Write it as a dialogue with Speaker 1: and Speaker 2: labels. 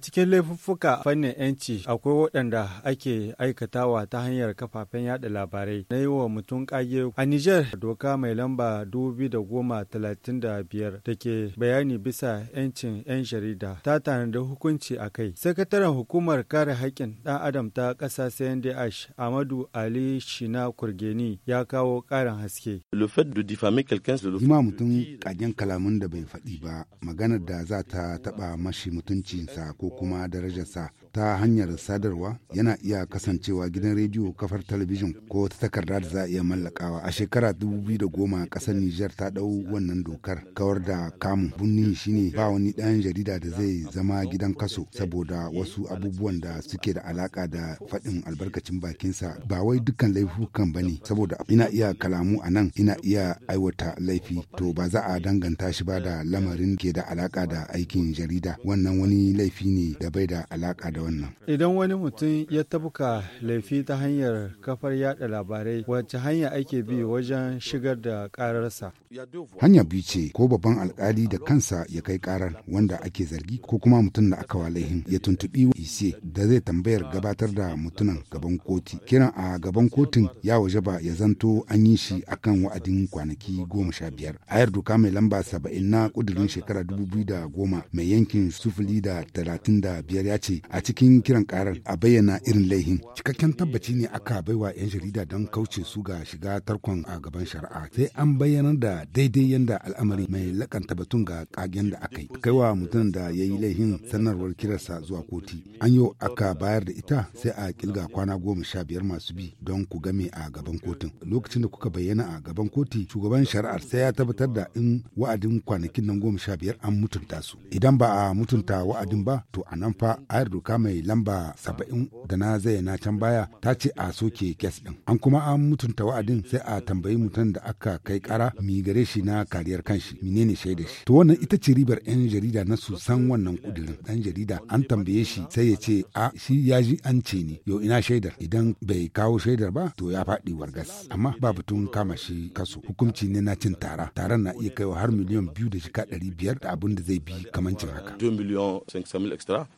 Speaker 1: Cikin laifuffuka fannin 'yanci akwai waɗanda ake aikatawa ta hanyar kafafen yada labarai na yi wa mutum kage A Nijar doka mai lamba goma talatin da ke bayani bisa 'yancin 'yan jarida ta tanadi hukunci a kai. Sakataren hukumar kare hakkin ɗan adam ta ƙasa ash Amadu Ali Shina Kurgeni ya kawo ƙarin haske. Ima mutum
Speaker 2: ƙagen kalamun da bai faɗi ba maganar da za ta taɓa mashi mutuncinsa ko kuma darajarsa ta hanyar sadarwa yana iya kasancewa gidan rediyo kafar talabijin ko ta takarda da za a iya mallakawa a shekara 2010 kasar Nijar ta dau wannan dokar kawar da kamu bunni shine ba wani ɗan jarida da zai zama gidan kaso saboda wasu abubuwan da suke da alaka da faɗin albarkacin bakinsa ba wai dukkan laifukan bane saboda ina iya kalamu a nan ina iya aiwata laifi to ba za a danganta shi ba da lamarin ke da alaka da aikin jarida wannan wani laifi ne da bai da alaka da da wannan.
Speaker 1: Idan wani mutum ya tabuka laifi ta hanyar kafar yada labarai wacce hanya ake bi wajen shigar da kararsa.
Speaker 2: Hanya biyu ce ko babban alkali da kansa ya kai karar wanda ake zargi ko kuma mutum da aka walaihin ya tuntubi ise da zai tambayar gabatar da mutumin gaban koti. Kiran a gaban kotun ya waje ba ya zanto an yi shi akan wa'adin kwanaki goma sha biyar. Ayar doka mai lamba saba'in na kudurin shekara dubu biyu da goma mai yankin sufuli da talatin da biyar ya ce a cikin kiran karar a bayyana irin laihin cikakken tabbaci ne aka baiwa 'yan jarida don kauce su ga shiga tarkon a gaban shari'a sai an bayyana da daidai yadda al'amari mai lakanta batun ga kagen da aka yi kai wa mutum da ya yi laihin sanarwar kirarsa zuwa koti an yau aka bayar da ita sai a kilga kwana goma sha biyar masu bi don ku game a gaban kotun lokacin da kuka bayyana a gaban koti shugaban shari'ar sai ya tabbatar da in wa'adin kwanakin nan goma sha biyar an mutunta su idan ba a mutunta wa'adin ba to a nan fa ayar doka mai lamba saba'in da na zayyana can baya ta ce a soke kes ɗin. An kuma an mutunta wa'adin sai a tambayi mutum da aka kai kara mi gare shi na kariyar kanshi menene shaida shi. To wannan ita ce ribar 'yan jarida na su san wannan kudirin. Ɗan jarida an tambaye shi sai ya ce a shi ya ji an ce ni yau ina shaidar idan bai kawo shaidar ba to ya faɗi wargas. Amma ba batun kama shi kaso hukunci ne na cin tara. Taron na iya kaiwa har miliyan biyu da shika ɗari biyar da abin da zai bi kamancin
Speaker 1: haka.